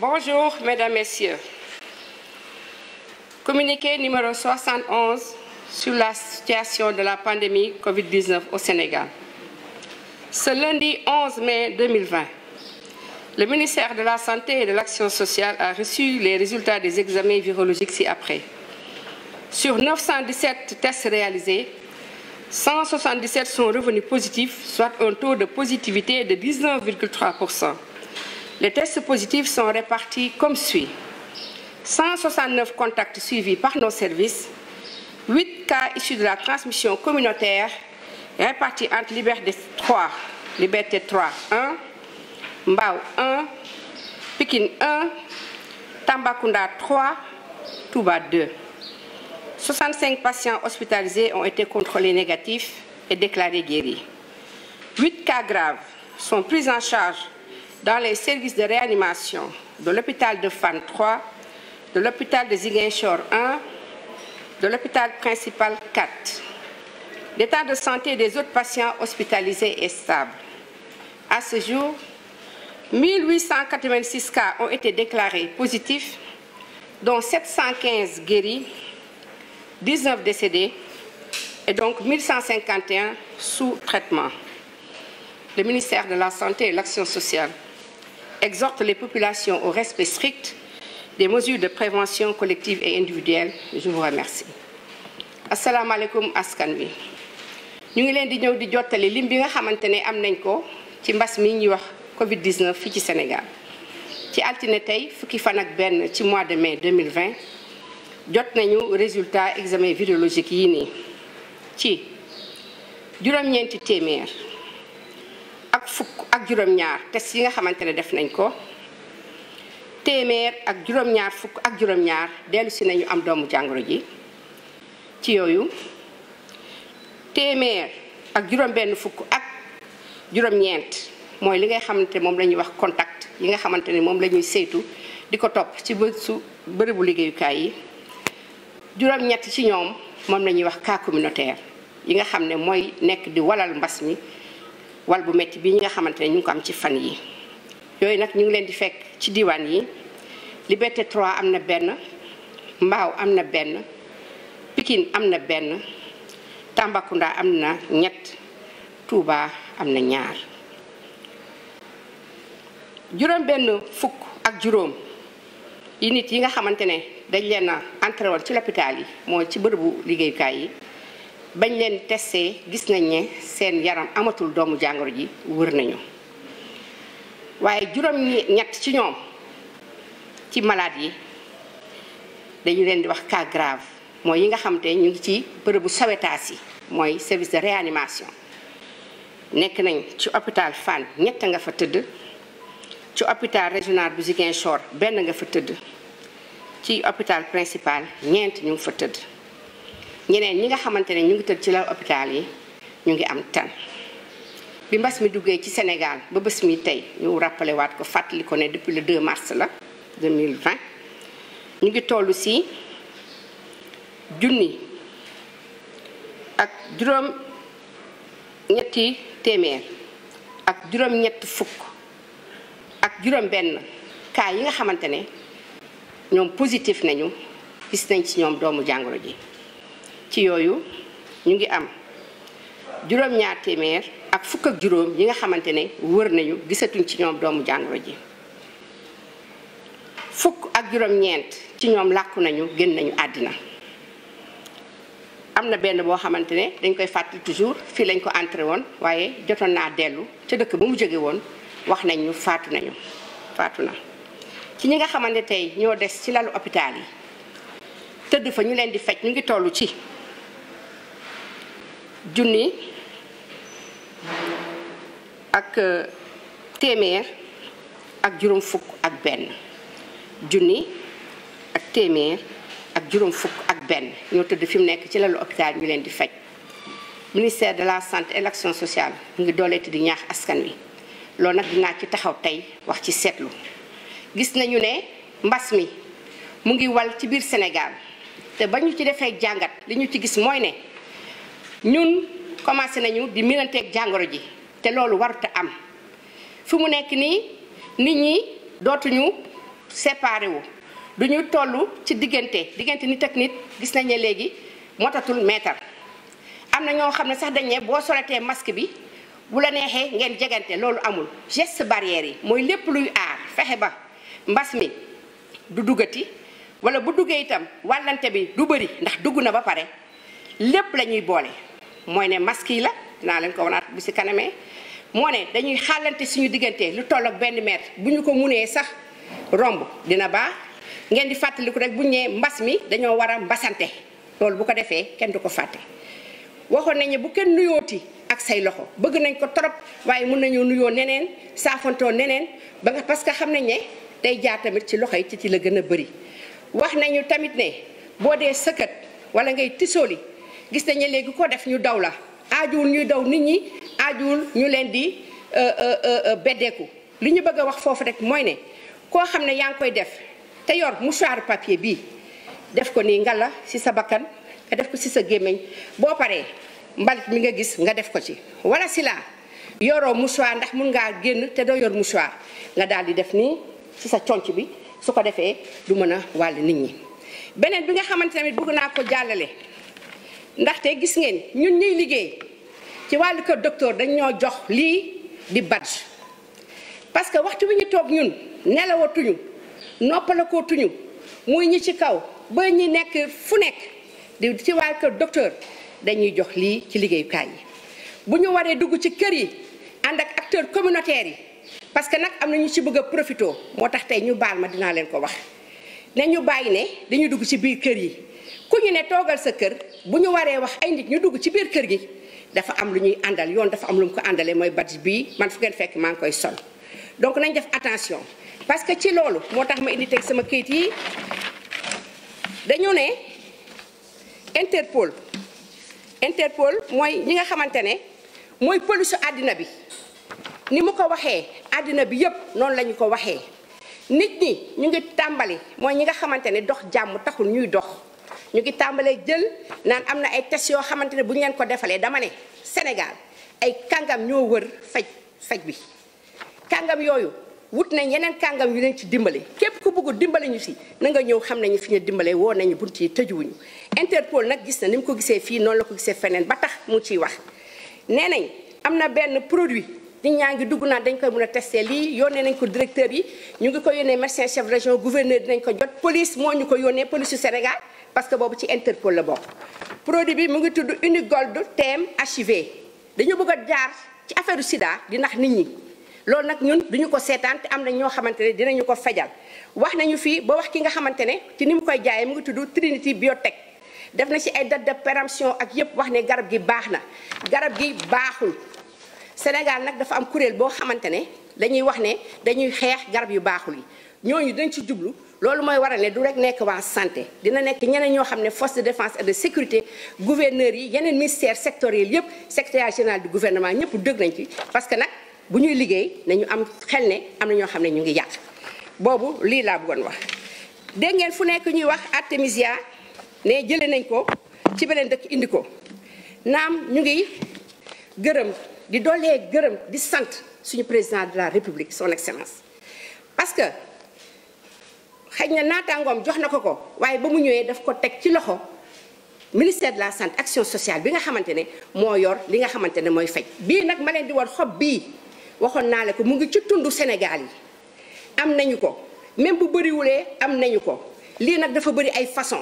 Bonjour, Mesdames, Messieurs. Communiqué numéro 71 sur la situation de la pandémie COVID-19 au Sénégal. Ce lundi 11 mai 2020, le ministère de la Santé l'Action sociale a reçu les résultats des examens virologiques ci-après. Sur 917 tests réalisés, 177 sont revenus positifs, soit un taux de positivité de 19,3%. Les tests positifs sont répartis comme suit. 169 contacts suivis par nos services, 8 cas issus de la transmission communautaire répartis entre Liberté 3, Liberté 3 1, Mbao 1, Pikine 1, Tambacounda 3, Touba 2. 65 patients hospitalisés ont été contrôlés et déclarés guéris. en charge dans les services de réanimation de l'hôpital de Fann 3, de l'hôpital de Ziguinchor 1, de l'hôpital principal 4. L'état de santé des autres patients hospitalisés est stable. À ce jour, 1886 cas ont été déclarés positifs, dont 715 guéris, 19 décédés et donc 1151 sous traitement. Le ministère de la Santé l'Action sociale exhorte les populations au respect strict des mesures de prévention collective et individuelle je vous remercie asalaamaaleykum askan wi ñu ngi leen di ñëw di jottali lim bi nga xamante ne am nañ ko ci mbas mi ñuy wax covid 19 fii ci Sénégal ci altine tey fukki fan ak benn ci mois de mai 2020 jot nañu résultat examen virologique yi nii ci juróom-ñeenti téeméer fukk ak juróom-ñaar test yi nga xamante ne def nañ ko téeméer ak juróom-ñaar fukk ak juróom-ñaar dellu si nañu am doomu jàngoro ji ci yooyu téeméer ak juróom-benn fukk ak juróom-ñeent mooy li ngay xamante moom lañuy wax contact yi nga xamante ne moom lañuy ñuy saytu di ko topp ci bësu bërëbu liggéeyukaay yi juróom-ñett ci ñoom moom la wax cas communautaire yi nga xam ne mooy nekk di walal mbas mi wal bu métti bi ñi nga xamante ne ñu ngi ko am ci fan yi yooyu nag ñu ngi leen di fekk ci diwaan yi Liberté 3 am na benn Mbao am na benn Pikine am na benn Tambacounda am na ñett Touba am na ñaar juróom benn fukk ak juróom yi nit yi nga xamante ne dañ leen a entré woon ci l'hôpital yi mooy ci bërëbu liggéeyukaay yi bañ leen testé gis nañ ne seen yaram amatul doomu jàngoro ji wër nañu waaye juróom ñett ci ñoom ci malaat yi dañu leen di wax cas grave mooy yi nga xam te ñu ngi ci bërëbu sawetaas yi mooy service de réanimation nekk nañ ci hôpital Fann ñett nga fa tëdd ci hôpital régional bu Ziguinchor benn nga fa tëdd ci hôpital principal ñeent ñu ngi fa tëdd ñeneen ñi nga xamante ne ñu ngi tëdd ci la hôpital yi ñu ngi am tan bi mbas mi duggee ci senegaal ba bés mi tey ñu rappelé waat ko fàttali ne depuis le 2 mars la 2020 ñu ngi toll si junni ak juróom ñetti téeméer ak juróom ñett fukk ak juróom benn cas yi nga xamante ne ñoom positif nañu gis nañ ci ñoom doomu jàngoro ji ci yooyu ñu ngi am juróom-ñaar téeméer ak fukk ak juróom yi nga xamante ne wër nañu gisatuñ ci ñoom doomu jàngoro ji fukk ak juróom-ñeent ci ñoom làkku nañu génn nañu àddina am na benn boo xamante ne dañ koy fàttali toujours fii lañ ko entré woon waaye jotoon naa dellu ca dëkk ba mu jóge woon wax nañ ñu faatu nañu faatu na ci ñi nga xamante tey ñoo des ci lalu hôpital yi tëdd fa ñu leen di faj ñu ngi tollu ci junni ak euh, téeméer ak juróom fukk ak benn junni ak téeméer ak juróom fukk ak benn ñoo tudd fi mu nekk ci lalu hôpital ñu leen di faj ministère de la santé et l'action sociale mu ngi dooleeti di ñaax askan wi loolu nag dinaa ci taxaw tey wax ci seetlu gis nañu ne mbas mi mu ngi wal ci biir Sénégal te ba ñu ci defee jàngat li ñu ci gis mooy ne ñun commencé nañu di miranteeg jàngoro ji te loolu warut am fi mu nekk nii nit ñi dootuñu séparé wu du ñu toll ci diggante diggante nit ak nit gis nañ ne léegi motatul meetar am na ñoo xam ne sax dañ ne boo solatee masque bi bu la neexee ngeen jegante loolu amul geste barrière yi mooy lépp luy aar fexe ba mbas mi du duggati wala bu duggee itam wàllante bi du bëri ndax dugg na ba pare lépp lañuy ñuy boole mooy ne masque la dinaa leen ko wanaat bu si kanamee moo ne dañuy xàllante suñu diggante lu toll benn mètre bu ñu ko munee sax romb dina baax ngeen di fàttaliku rek bu ñu nee mbas mi dañoo war a mbasante loolu bu ko defee kenn du ko fàtte. waxoon nañ ne bu kenn nuyooti ak say loxo bëgg nañ ko trop waaye mun nañoo nuyoo neneen saafantoo neneen ba nga parce que xam nañ ne tey jaar tamit ci loxo yi ci ci la gën a bëri. wax nañu tamit ne boo dee sëkkat wala ngay tisooli. gis nañu léegi ko def ñu daw la aajuwul ñuy daw nit ñi aajuwul ñu leen di euh, euh, euh, beddeeku li ñu bëgg a wax foofu rek mooy ne koo xam ne yaa ngi koy def te yor mouchoir papier bii def ko nii la ci sa bakkan nga def ko ci sa gémmiñ boo paree mbalit mi nga gis nga def ko ci wala si laa yoroo mouchoir ndax mun ngaa génn te doo yor mouchoir nga daal di def nii ci sa conc bi su ko defee du mën a wàll nit ñi beneen bi nga xamante tamit bëgg naa ko jàllale ndaxte gis ngeen ñun ñuy liggéey ci wàllu kër docteur dañ ñoo jox lii di badge parce que waxtu wi ñu toog ñun nelawatuñu noppalakootuñu muy ñi ci kaw ba ñi nekk fu nekk di ci wàllu kër docteur dañuy jox lii ci liggéeyukaay yi bu ñu waree dugg ci kër yi ànd ak acteurs communautaires yi parce que nag am na ñu ci bëgg a moo tax tey ñu baal ma dinaa leen ko wax ne ñu bàyyi ne dañuy dugg ci biir kër yi ku ñu ne toogal sa kër bu ñu waree wax ay nit ñu dugg ci biir kër gi dafa am lu ñuy àndal yoon dafa am lu mu ko àndalee mooy badge bii man fu ngeen fekk maa koy sol donc nañ def attention parce que ci loolu moo tax ma indi teg sama kayit yi dañu ne Interpol Interpol mooy ñi nga xamante ne mooy polisu àddina bi ni mu ko waxee àddina bi yépp noonu la ko waxee nit ñi ñu ngi tàmbali mooy ñi nga xamante ne dox jàmm taxul ñuy dox ñu ngi tàmbalee jël naan am na ay tests yoo xamante ne bu ñu leen ko defalee dama ne Sénégal ay kàngam ñoo wër faj faj bi kàngam yooyu wut nañ yeneen kàngam yu leen ci dimbale képp ku bëgg dimbale ñu si na nga ñëw xam nañu fi ñu dimbalee woo nañu bunt yi tëjuwuñu Interpol nag gis na ni mu ko gisee fii noonu la ko gisee feneen ba tax mu ciy wax nee nañ am na benn produit nit ñaa ngi dugg naan dañ koy mën a testé lii yónnee nañ ko directeur yi ñu ngi ko yónnee médecin chef région gouverneur dinañ ko jot police moo ñu ko yónnee police yu Sénégal parce que boobu ci Interpol la bokk produit bi mu ngi tudd Unigold TM HIV dañu bëgg a jaar ci affaire sida di nax nit ñi loolu nag ñun duñu ko seetaan te am na ñoo xamante ne dinañu ko fajal wax nañu fii ba wax ki nga xamante ne ci ni mu koy jaayee mu ngi tudd Trinity Biotech def na ci ay date de péremption ak yépp wax ne garab gi baax na garab gi baaxul Sénégal nag dafa am kuréel boo xamante ne dañuy wax ne dañuy xeex garab yu baaxul yi ñooñu dañ ci jublu loolu mooy waral ne du rek nekk waa santé dina nekk ñeneen ñoo xam ne force de défense et de sécurité gouverneurs yi yeneen ministère sectoriel yëpp secrétaire général du gouvernement ñëpp dëgg nañ ci parce que nag bu ñuy liggéey nañu am xel ne am na ñoo xam ne ñu ngi yàq boobu lii laa bëggoon wax dégg ngeen fu nekk ñuy wax artémisia ne jële nañ ko ci beneen dëkk indi ko naam ñu ngi gërëm di doolee gërëm di sant suñu président de la république son excellence parce que xëy na naataangoom jox na ko ko waaye ba mu ñëwee daf ko teg ci loxo ministère de la sant action sociale bi nga xamante ne moo yor li nga xamante ne mooy faj bii nag ma leen di war xob bii waxoon naa la ko mu ngi ci tundu Sénégal yi am nañu ko même bu bëriwulee am nañu ko lii nag dafa bëri ay façon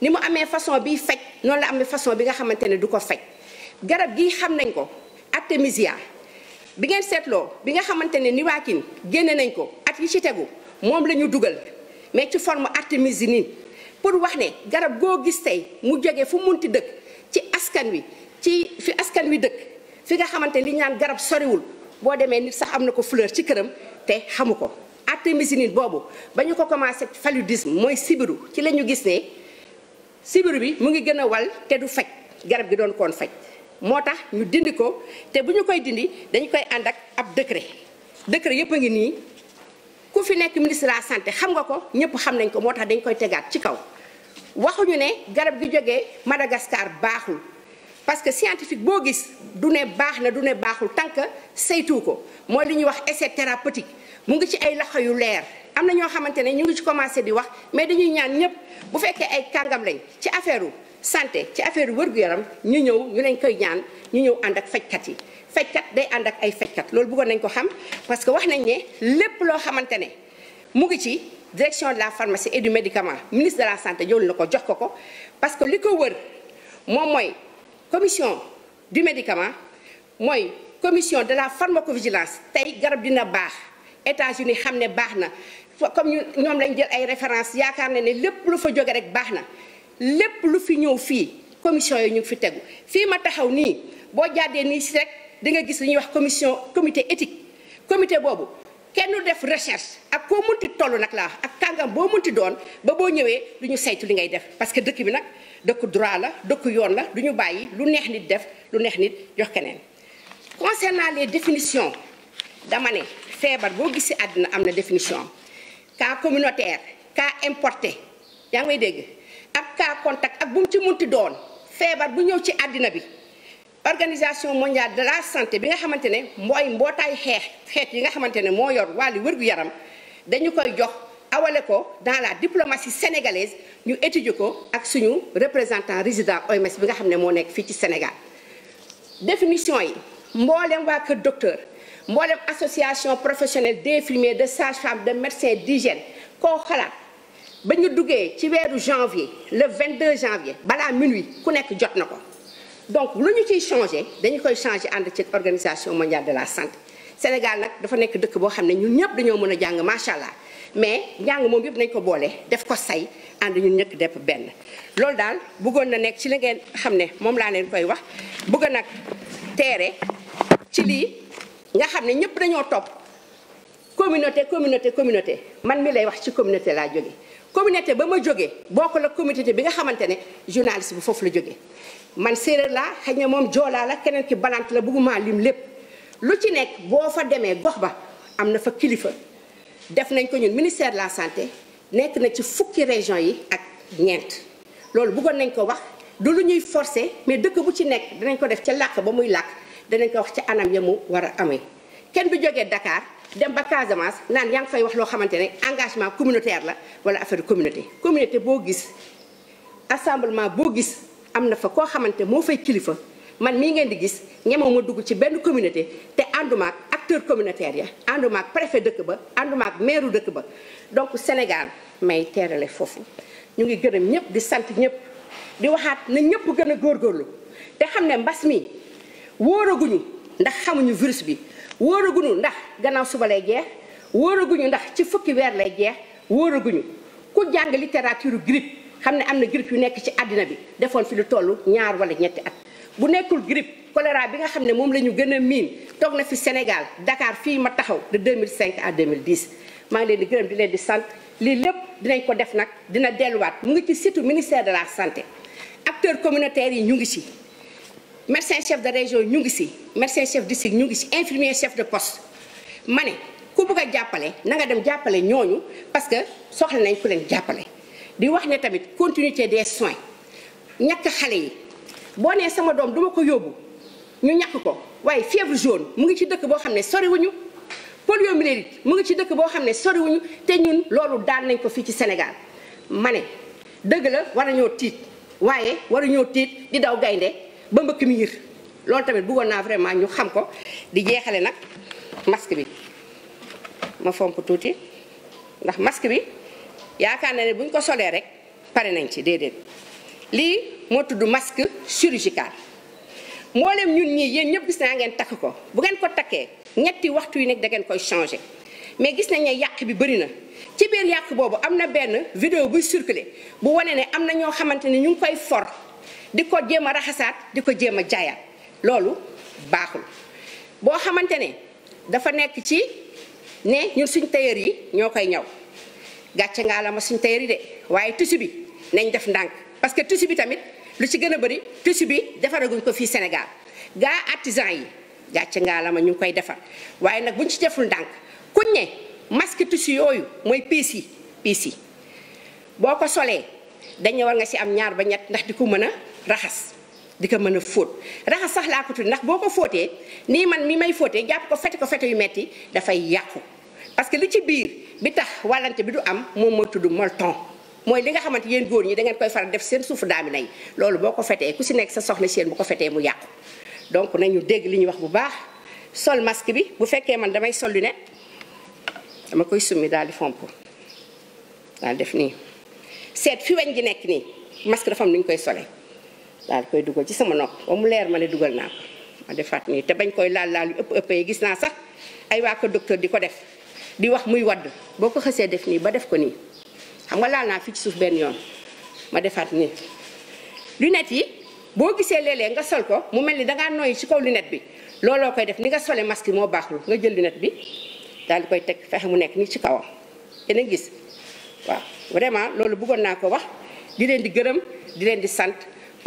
ni mu amee façon bi faj noonu la amee façon bi nga xamante ne du ko faj garab gi xam nañ ko Artemisia bi ngeen seetloo bi nga xamante ne niwaakin génne nañ ko at yi ci tegu moom lañu ñu dugal mais ci form forme artémisinine pour wax ne garab goo gis tey mu jóge fu munti dëkk ci askan wi ci fi askan wi dëkk fi nga xamante ne li ñu naan garab soriwul boo demee nit sax am na ko fleur ci këram te xamu ko artémisinine boobu ba ñu ko commencé paludisme mooy sibiru ci la ñu gis ne sibiru bi mu ngi gën a wal te du faj garab gi doon koon faj moo tax ñu dindi ko te bu ñu koy dindi dañu koy ànd ak ab décret décret yëpp a ngi nii ku fi nekk ministre de la santé xam nga ko ñëpp xam nañ ko moo tax dañ koy tegaat ci kaw waxuñu ne garab gi jógee Madagascar baaxul parce que scientifique boo gis du ne baax na du ne baaxul tànk que ko mooy li ñuy wax essai thérapeutique mu ngi ci ay loxo yu leer am na ñoo xamante ne ñu ngi ci commencé di wax mais dañuy ñaan ñëpp bu fekkee ay kàngam lañ ci affaire santé ci affaire wër-gu-yaram ñu ñëw ñu lañ koy ñaan ñu ñëw ànd ak fajkat yi fajkat day ànd ak ay fajkat loolu buggoon nañ ko xam parce que wax nañ ne lépp loo xamante ne mu ngi ci direction de la pharmacie et du médicament ministre de la sante jël na ko jox ko ko parce que li ko wër moom mooy commission du médicament mooy commission de la pharmacovigilance tey garab dina baax États-Unis xam ne baax na comme ñoom lañ jël ay référence yaakaar ne ne lépp lu fa jóge rek baax na lépp lu fi ñëw fii commission yi ñu ngi fi tegu fii ma taxaw nii boo jàddee nii si rek di nga gis li ñuy wax commission commité éthique comité boobu kenn def recherche ak koo munti toll nag laa ak kàngam boo munti doon ba boo ñëwee lu ñu saytu li ngay def parce que dëkk bi nag dëkk droit la dëkk yoon la du ñu bàyyi lu neex nit def lu neex nit jox keneen concernant les définitions dama ne feebar boo gis gisee àddina am na définition kaa communautaire kaa importé yaa ngi dégg ak cas contact ak bu mu ci munti doon feebar bu ñëw ci àddina bi organisation mondiale de la santé bi nga xamante ne mooy mbootaay xeex xeet yi nga xamante ne moo yor wàllu wér-gu-yaram dañu koy jox awale ko dans la diplomatie sénégalaise ñu étudier ko ak suñu représentant résident OMS bi nga xam ne moo nekk fii ci Sénégal définition yi mboolem waa kër docteur mboolem association professionnelle d'infirmiers de sage-femme de médecins d'hygiène koo xalaat ba ñu duggee ci weeru janvier le 22 janvier balaa minuit ku nekk jot na ko donc lu ñu ciy changé dañu koy changé ànd ci organisation mondial de la santé Sénégal nag dafa nekk dëkk boo xam ne ñun ñëpp dañoo mën a jàng macha allah mais njàng moom yëpp dañ ko boole def ko say ànd ñu ñëkk depp benn. loolu daal bëggoon na nekk ci li ngeen xam ne moom laa leen koy wax bugga nag teere ci lii nga xam ne ñëpp dañoo topp communauté communauté communauté man mi lay wax ci communauté laa jóge communauté ba ma jógee bokkul ak communauté bi nga xamante ne journaliste bi foofu la jógee man séeréer la xëy na moom joolaa la keneen ki balant la bëgguma lim lépp lu ci nekk boo fa demee gox ba am na fa kilifa def nañ ko ñun ministère de la santé nekk na ci fukki région yi ak ñeent loolu buggoon nañ ko wax du lu ñuy forcé mais dëkk bu ci nekk danañ ko def ca làkk ba muy làkk danañ ko wax ci anam ya mu war a amee kenn du jógee Dakar dem ba Casamance naan yaa ngi fay wax loo xamante ne engagement communautaire la wala affaire communauté communauté boo gis assemblement boo gis am na fa koo xamante moo fay kilifa man mii ngeen di gis ñemoo ma dugg ci benn communauté te àndumaak acteur communautaire ya àndumaak préfet dëkk ba àndumaak maire dëkk ba donc Sénégal may teerale foofu ñu ngi gërëm ñëpp di sant ñëpp di waxaat na ñëpp gën a góorgóorlu te xam ne mbas mi wóoraguñu ndax xamuñu virus bi wóoraguñu ndax gannaaw suba lay jeex wóoraguñu ndax ci fukki weer lay jeex wóoraguñu ku jàng littérature grippe xam ne am na grippe yu nekk ci àddina bi defoon fi lu toll ñaar wala ñetti at. bu nekkul grippe choléra bi nga xam ne moom la ñu gën a miin toog na fi Sénégal dakaar fii ma taxaw de 2005 à 2010 maa ngi leen di gën di leen di sant lii lépp dinañ ko def nag dina delluwaat mu ngi ci surtout ministère de la santé acteur communautaires yi ñu ngi ci. médecin chef de région ñu ngi si médecin chef district ñu ngi si infirmier chef de poste ma ne ku bëgg a jàppale nanga dem jàppale ñooñu parce que soxla nañ ku leen jàppale. di wax ne tamit continuité des soins ñàkk xale yi boo nee sama doom duma ko yóbbu ñu ñàkk ko waaye fièvre jaune mu ngi ci dëkk boo xam ne soriwuñu poliomyélite mu ngi ci dëkk boo xam ne soriwuñu te ñun loolu daan nañ ko fii ci Sénégal ma ne dëgg la war a ñoo tiit waaye war a ñoo tiit di daw gaynde ba mbëkk mi loolu tamit bëggoon naa vraiment ñu xam ko di jeexale nag masque bi ma fomp tuuti ndax masque bi yaakaar na ne bu ñu ko solee rek pare nañ ci déedéet lii moo tudd masque chirurgical mboolem ñun ñii yéen ñëpp gis naa ngeen takk ko bu ngeen ko takkee ñetti waxtu yi nekk da ngeen koy changé mais gis nañ ne yàq bi bëri na ci biir yàq boobu am na benn video buy circulé bu wane ne am na ñoo xamante ne ñu ngi koy for di ko jéem a raxasaat di ko jéem a jaayaat loolu baaxul boo xamante ne dafa nekk ci ne ñun suñ tailleur yi ñoo koy ñaw gàcce ngaa la ma suñ tailleur yi de waaye tissu bi nañ def ndànk parce que tissu bi tamit lu ci gën a bëri tissu bi defaraguñ ko fii Sénégal gaa artisan yi gàcce ngaa la ma ñu ngi koy defar waaye nag buñ ci deful ndànk kuñ ne masque tissu yooyu mooy piis yi piis yi boo ko solee dañu war nga ci am ñaar ba ñett ndax di ko mën a raxas di ko mën a fóot raxas sax laa ko tudd ndax boo ko fóotee nii man mi may fóotee jàpp ko fete ko fete yu metti dafay yàqu parce que li ci biir bi tax wàllante bi du am moom moo tudd ton mooy li nga xamante yéen góor ñi da ngeen koy faral def seen suufu daami nay loolu boo ko fetee ku si nekk sa soxna seen bu ko fetee mu yàqu donc nañu dégg li ñuy wax bu baax sol masque bi bu fekkee man damay sol ne dama koy summi daal di fomp daal def nii seet fi weñ gi nekk nii masque dafa am koy solee daal koy dugal ci sama nopp ba mu leer ma ne dugal naa ko ma defaat nii te bañ koy laal laal yu ëpp ëpp yi gis naa sax ay waa ko docteur di ko def di wax muy wadd boo ko xësee def nii ba def ko nii xam laal naa fii ci suuf benn yoon ma defaat nii lunette yi boo gisee leelee nga sol ko mu mel ni dangaa nooy ci kaw lunette bi looloo koy def ni nga sole maski moo baaxul nga jël lunette bi daal di koy teg fexe mu nekk nii ci kawam yéen a gis waaw vraiment loolu buggoon naa ko wax di leen di gërëm di leen di sant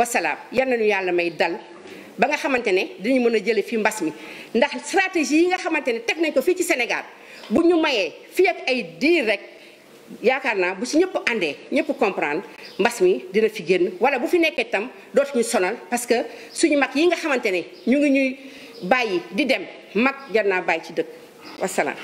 wasalaam yal nañu yàlla may dal ba nga xamante ne dañu mën a jële fi mbas mi ndax stratégie yi nga xamante ne teg nañ ko fii ci Sénégal bu ñu mayee fii ak ay diir rek yaakaar naa bu si ñëpp àndee ñëpp comprendre mbas mi dina fi génn wala bu fi nekkee tam dootu ñu sonal parce que suñu mag yi nga xamante ne ñu ngi ñuy bàyyi di dem mag jar naa bàyyi ci dëkk wasalaam